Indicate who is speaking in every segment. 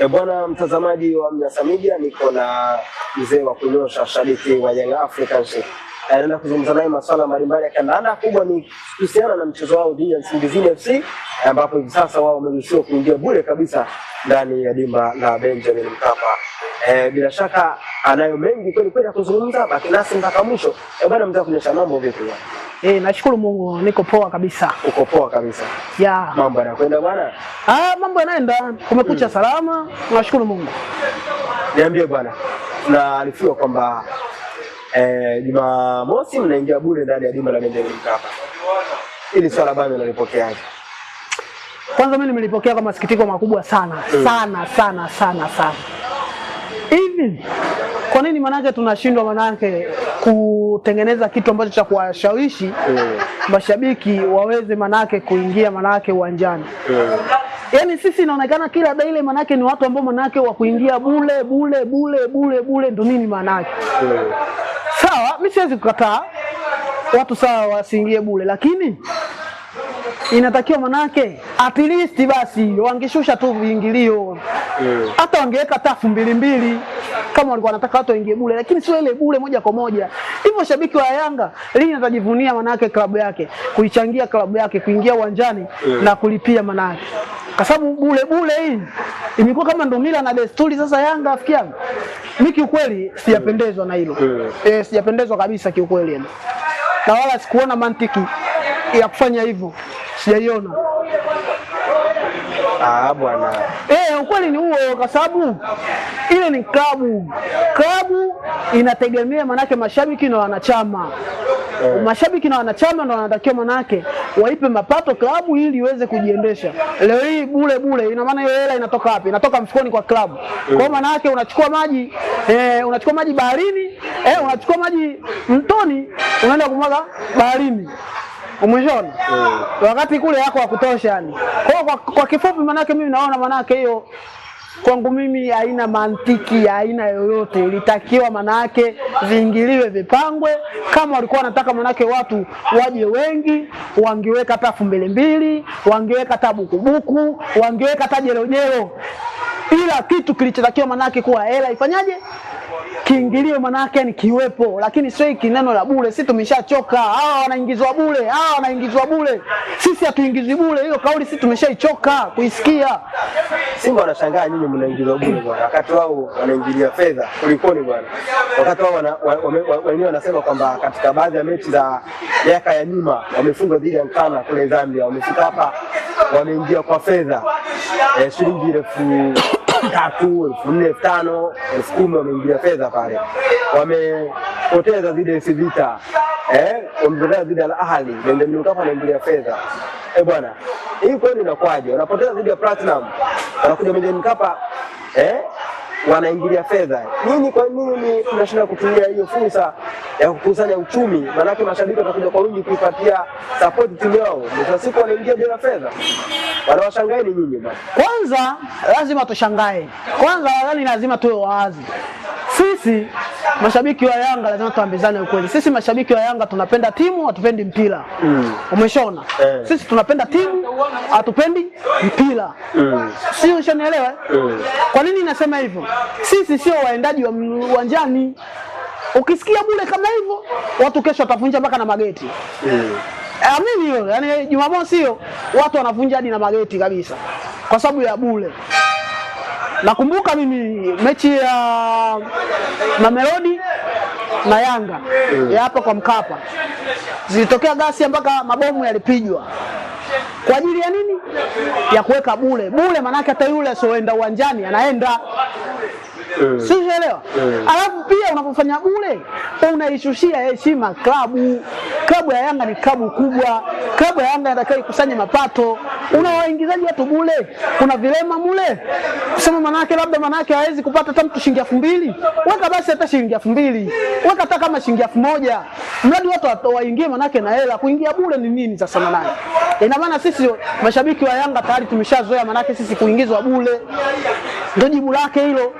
Speaker 1: E, bwana mtazamaji wa Mnyasa Media, niko na mzee wa kunyosha shabiki wa Young Africans. Naenda kuzungumza naye masuala mbalimbali ya kandanda, kubwa ni kuhusiana na mchezo wao dhidi ya Nsingizini FC ambapo hivi sasa wao wameruhusiwa kuingia bure kabisa ndani ya dimba la Benjamin Mkapa. E, bila shaka anayo mengi kweli kweli ya kuzungumza, baki nasi mpaka mwisho. E, bwana mzee wa mambo vipi?
Speaker 2: Eh, nashukuru Mungu niko poa kabisa.
Speaker 1: Uko poa kabisa. Ya. Mambo yanakwenda bwana?
Speaker 2: Ah, mambo yanaenda. Kumekucha mm. salama. Nashukuru Mungu.
Speaker 1: Niambie bwana. naarifiwa kwamba eh, Jumamosi mnaingia bure ndani ya juma la Benjamin Mkapa. Ili swala bado nalipokeaje?
Speaker 2: Kwanza mimi nimelipokea kwa masikitiko makubwa sana, mm. sana sana sana sana. Hivi kwa nini manake tunashindwa manake kutengeneza kitu ambacho cha kuwashawishi yeah. mashabiki waweze manake kuingia manake uwanjani yeah. Yaani sisi inaonekana kila daile manake ni watu ambao manake wa kuingia bule bule bule bule bule, ndo nini manake yeah. Sawa, mi siwezi kukataa watu sawa wasiingie bule, lakini inatakiwa manake at least basi wangeshusha tu viingilio eh. hata yeah. wangeweka tafu mbili mbili kama walikuwa wanataka watu waingie bure, lakini sio ile bure moja kwa moja. Hivyo shabiki wa Yanga lini atajivunia manake klabu yake kuichangia klabu yake kuingia uwanjani yeah. na kulipia manake kwa sababu bule bule hii imekuwa kama ndo mila na desturi sasa Yanga. Rafiki yangu mimi kiukweli sijapendezwa na hilo yeah. eh, sijapendezwa kabisa kiukweli, na wala sikuona mantiki ya kufanya hivyo sijaiona.
Speaker 1: Ah, bwana.
Speaker 2: Eh, ukweli ni huo, kwa sababu ile ni klabu. Klabu inategemea manake mashabiki na wanachama eh. Mashabiki na wanachama ndo wanatakiwa manake waipe mapato klabu ili iweze kujiendesha. Leo hii bure bure, ina maana hiyo hela inatoka wapi? Inatoka mfukoni kwa klabu. Mm. Kwa maana unachukua maji eh, unachukua maji baharini eh, unachukua maji mtoni unaenda kumwaga baharini. Umeshona? Yeah. Wakati kule yako hakutosha yani. Kwa kwa, kwa kifupi manake mimi naona manake hiyo kwangu mimi haina mantiki ya aina yoyote. Ilitakiwa manake viingiliwe, vipangwe. Kama walikuwa wanataka manake watu waje wengi, wangeweka hata elfu mbili mbili, wangeweka hata bukubuku, wangeweka hata jelojelo, ila kitu kilichotakiwa manake kuwa hela ifanyaje Kiingilio yake ni kiwepo, lakini sio hiki neno la bure. Sisi tumeshachoka, hawa ah, wanaingizwa bure, hawa ah, wanaingizwa bure, sisi hatuingizwi bure. Hiyo kauli sisi tumeshaichoka kuisikia.
Speaker 1: Simba wanashangaa nyinyi mnaingizwa bure bwana, wakati wao wanaingilia fedha. Kulikoni bwana? Wakati wao wenyewe wanasema kwamba katika baadhi ya mechi za miaka ya nyuma wamefungwa dhidi ya Nkana kule Zambia, wamefika hapa wameingia kwa fedha eh, shilingi elfu tatu elfu nne elfu tano elfu kumi wameingia fedha pale, wamepoteza zile AS Vita eh, wamepoteza zile Al Ahly, Benjamin Mkapa anaingilia fedha eh bwana, hii kweli inakwaje? Wanapoteza zile Platinum, wanakuja Benjamin Mkapa eh, wanaingilia fedha. Nini, kwa nini tunashinda kutumia hiyo fursa ya kukusanya uchumi? Maanake mashabiki watakuja kwa wingi kuipatia support timu yao, mwisho wa siku wanaingia bila fedha. Wanawashangaeni nyinyi
Speaker 2: Kwanza lazima tushangae. Kwanza yani lazima tuwe wazi. Sisi mashabiki wa Yanga lazima tuambizane ukweli. Sisi mashabiki wa Yanga tunapenda timu, hatupendi mpira. Mm. Umeshaona? Eh. Sisi tunapenda timu, hatupendi mpira. Mm. Sio ushanielewa? Eh? Mm. Kwa nini nasema hivyo? Sisi sio waendaji wa uwanjani. Ukisikia bure kama hivyo, watu kesho watavunja mpaka na mageti. Mm. Amini eh, hiyo. Yaani Jumamosi hiyo watu wanavunja hadi na mageti kabisa. Kwa sababu ya bure. Nakumbuka mimi mechi ya Mamelodi na Yanga mm. ya hapa kwa Mkapa zilitokea ghasia mpaka mabomu yalipigwa kwa ajili ya nini? Ya kuweka bure bure, maanake hata yule asioenda uwanjani anaenda mm. Eh. sielewa mm. Eh. Alafu pia unapofanya ule unaishushia heshima klabu. Klabu ya Yanga ni klabu kubwa, klabu ya Yanga inatakiwa ikusanye mapato. Una waingizaji watu bule, kuna vilema mule, kusema manake labda manake hawezi kupata hata mtu shilingi elfu mbili weka basi hata shilingi elfu mbili weka hata kama shilingi elfu moja mradi watu waingie, manake na hela. Kuingia bule ni nini sasa manake Ina maana sisi mashabiki wa Yanga tayari tumeshazoea, manake sisi kuingizwa bure, ndio jibu lake hilo.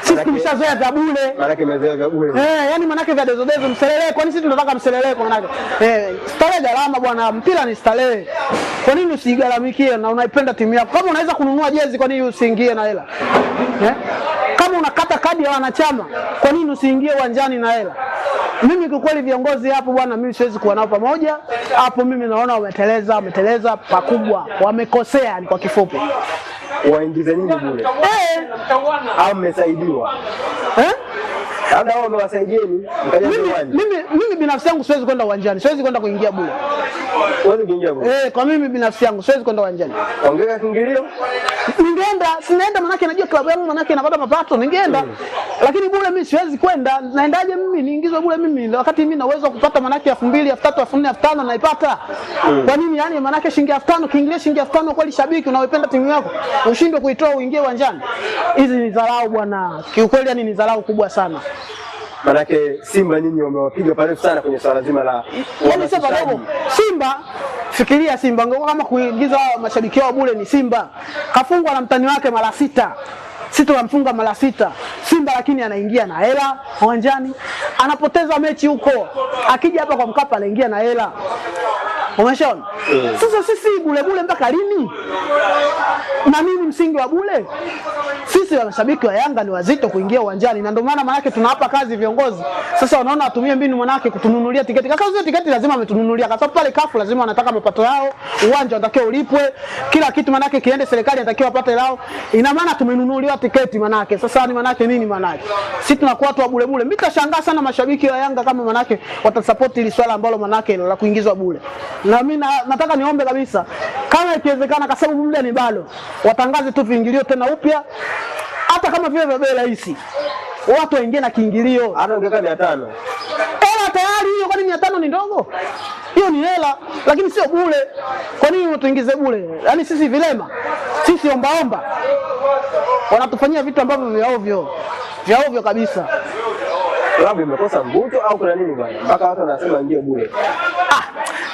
Speaker 2: Sisi tumeshazoea vya bure,
Speaker 1: manake mmezoea vya bure
Speaker 2: eh, yani manake vya dezo dezo, mselelee. Kwani sisi tunataka mselelee? Kwa manake eh, starehe gharama bwana, mpira ni starehe. Kwa nini usigaramikie na unaipenda timu yako? Kama unaweza kununua jezi, kwa nini usiingie na hela eh? Kama unakata kadi ya wanachama, kwa nini usiingie uwanjani na hela mimi kiukweli viongozi hapo bwana, mimi siwezi kuwa nao pamoja hapo. Mimi naona wameteleza, wameteleza pakubwa, wamekosea. Ni kwa kifupi,
Speaker 1: waingize nini bure
Speaker 2: eh?
Speaker 1: Au mmesaidiwa eh? Labda wao wamewasaidieni
Speaker 2: mimi, mimi, mimi binafsi yangu siwezi kwenda uwanjani, siwezi kwenda kuingia bure. Eh, kwa mimi binafsi yangu siwezi kwenda uwanjani.
Speaker 1: Ongea kiingilio.
Speaker 2: Ningeenda, sinaenda manake najua klabu yangu manake inapata mapato, ningeenda. Mm. Lakini bure mimi siwezi kwenda. Naendaje mimi niingizwe bure mimi wakati mimi na uwezo wa kupata manake 2000, 3000, 4000, 5000 naipata. Mm. Kwa nini yani manake shilingi 5000 kiingilio shilingi 5000 kweli shabiki unaoipenda timu yako ushindwe kuitoa uingie uwanjani? Hizi ni dharau bwana. Kiukweli yani ni dharau kubwa sana.
Speaker 1: Manake Simba nyinyi wamewapiga parefu sana kwenye swala zima la
Speaker 2: yani, sasa padogo. Simba fikiria, Simba ngo kama kuingiza wao mashabiki wao bure. Ni Simba kafungwa na mtani wake mara sita, sita tunamfunga mara sita Simba, lakini anaingia na hela uwanjani, anapoteza mechi huko, akija hapa kwa Mkapa anaingia na hela. Umeshaona? Eh. Sasa sisi bule bule mpaka lini? Na mimi msingi wa bule, sisi wanashabiki wa Yanga ni wazito kuingia uwanjani, na ndio maana manake tunawapa kazi viongozi. Sasa wanaona atumie mbinu manake kutununulia tiketi. Kaka hizo tiketi lazima ametununulia, kwa sababu pale kafu lazima wanataka mapato yao, uwanja unatakiwa ulipwe, kila kitu manake kiende serikali inatakiwa apate lao. Ina maana tumenunuliwa tiketi manake. Sasa ni manake nini manake? Sisi tunakuwa tu bule bule. Mimi tashangaa sana mashabiki wa Yanga kama manake watasupport hili swala ambalo manake la kuingizwa bule na mimi nataka niombe kabisa, kama ikiwezekana, kwa sababu muda ni bado, watangaze tu viingilio tena upya, hata kama vile vya bei rahisi, watu waingie na kiingilio, hata
Speaker 1: ungeka mia tano
Speaker 2: hela tayari hiyo. Kwani mia tano ni ndogo? Hiyo ni hela, lakini sio bure. Kwa nini unatuingize bure? Yaani sisi vilema, sisi ombaomba, wanatufanyia vitu ambavyo vya ovyo, vya ovyo kabisa.
Speaker 1: Labda imekosa mvuto au kuna nini bwana, mpaka watu wanasema ndio bure?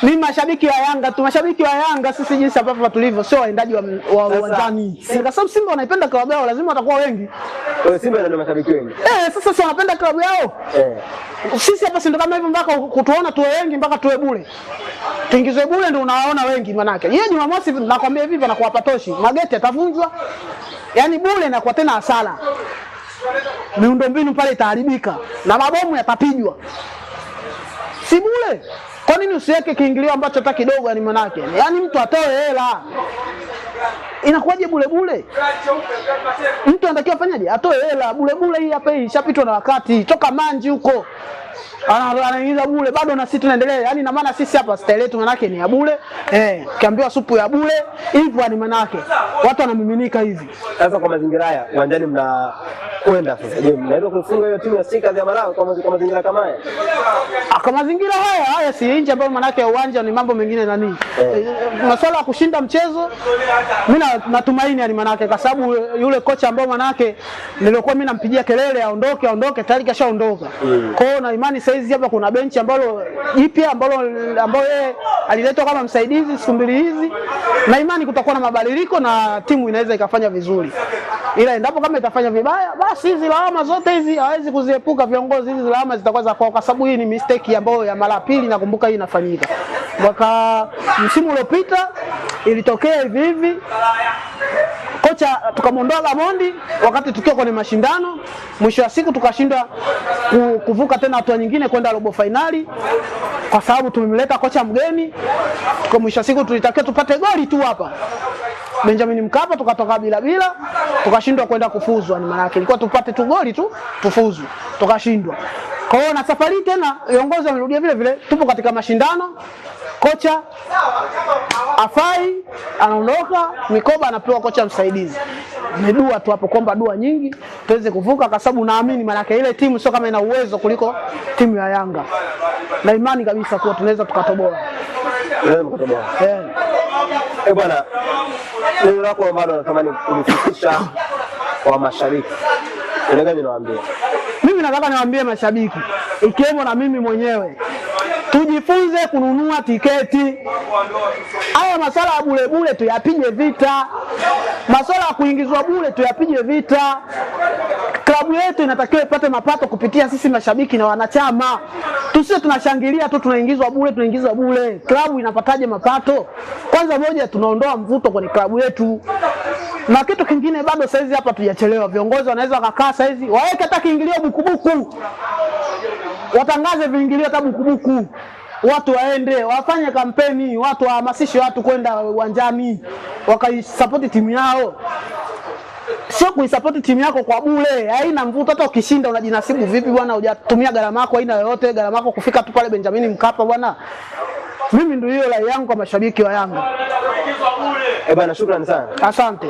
Speaker 2: Ni mashabiki wa Yanga tu, mashabiki wa Yanga sisi jinsi ambavyo tulivyo, sio waendaji wa uwanjani. Kwa sababu Simba wanaipenda klabu yao, lazima watakuwa wengi.
Speaker 1: Kwa Simba ndio mashabiki wengi.
Speaker 2: Eh, sasa si wanapenda klabu yao? Eh. Sisi hapa si ndio kama hivyo mpaka kutuona tuwe wengi mpaka tuwe bure. Tuingizwe bure ndio unaona wengi manake. Yeye Jumamosi nakwambia hivi vanakuwa patoshi. Mageti atavunjwa. Yaani bure na kwa tena hasara. Miundombinu pale itaharibika na mabomu yatapigwa. Si bure. Kwa nini usiweke kiingilio ambacho hata kidogo, ni manake, yaani mtu atoe hela inakuwaje bule bule? Mtu anatakiwa fanyaje? Atoe hela bule bule, hii hapa, hii ishapitwa na wakati, toka manji huko anaingiza bule, bado na sisi tunaendelea. Yani na maana sisi hapa style yetu manake ni ya bule eh, kiambiwa supu ya bule hivyo, ni manake watu wanamiminika hivi.
Speaker 1: Sasa kwa mazingira haya, uwanjani mna kwenda sasa. Je, mnaweza kufunga hiyo timu ya Sika ya Malawi kwa kwa mazingira kama haya?
Speaker 2: Ah, kwa mazingira haya haya si nje ambayo maana yake uwanja ni mambo mengine nani. Eh. eh. Masuala ya kushinda mchezo mimi natumaini maana yake kwa sababu yule kocha maana yake nilikuwa mimi nampigia kelele aondoke aondoke tayari kashaondoka. Mm. Kwa hiyo na imani hizi hapa kuna benchi ambalo jipya ambalo ambao yeye aliletwa kama msaidizi siku mbili hizi na imani kutakuwa na mabadiliko na timu inaweza ikafanya vizuri. Ila endapo kama itafanya vibaya basi basi hizi lawama zote hizi hawezi kuziepuka viongozi, hizi lawama zitakuwa za kwao, kwa sababu hii ni mistake ambayo ya mara pili, nakumbuka hii inafanyika mwaka msimu uliopita ilitokea hivi hivi kocha tukamwondoa Gamondi wakati tukiwa kwenye mashindano. Mwisho wa siku tukashindwa kuvuka tena hatua nyingine kwenda robo fainali kwa sababu tumemleta kocha mgeni. Kwa mwisho wa siku tulitakiwa tupate goli tu hapa Benjamin Mkapa tukatoka bila bila, tukashindwa kwenda kufuzwa. Ni maana yake ilikuwa tupate tu goli tu tufuzwe, tukashindwa. Kwa hiyo na safari tena viongozi wamerudia vile vile, tupo katika mashindano, kocha afai, anaondoka, mikoba anapewa kocha msaidizi. Ni tu hapo, kuomba dua nyingi tuweze kuvuka, kwa sababu naamini maanake ile timu sio kama ina uwezo kuliko timu ya Yanga, na imani kabisa kuwa tunaweza tukatoboa. Eh.
Speaker 1: eh, bwana neno lako ambalo natamani kulifikisha kwa mashabiki, neno
Speaker 2: Mimi nataka niwaambie mashabiki, ikiwemo na mimi mwenyewe, tujifunze kununua tiketi. Haya masuala ya bure bure tuyapige vita, masuala ya kuingizwa bure tuyapige vita. Klabu yetu inatakiwa ipate mapato kupitia sisi mashabiki na wanachama. Tusiwe tunashangilia tu, tunaingizwa bure, tunaingizwa bure. Klabu inapataje mapato? Kwanza moja, tunaondoa mvuto kwenye klabu yetu, na kitu kingine bado saizi hapa tujachelewa. Viongozi wanaweza wakakaa saizi waweke hata kiingilio bukubuku, watangaze viingilio hata bukubuku watu waende wafanye kampeni, watu wahamasishe watu kwenda uwanjani wakaisapoti timu yao sio kuisapoti timu yako kwa bure, haina mvuto. Hata ukishinda unajinasibu vipi bwana? Hujatumia gharama yako aina yoyote, gharama yako kufika tu pale Benjamin Mkapa bwana. Mimi ndio hiyo rai yangu kwa mashabiki wa Yanga.
Speaker 1: Eh bwana, shukrani sana,
Speaker 2: asante.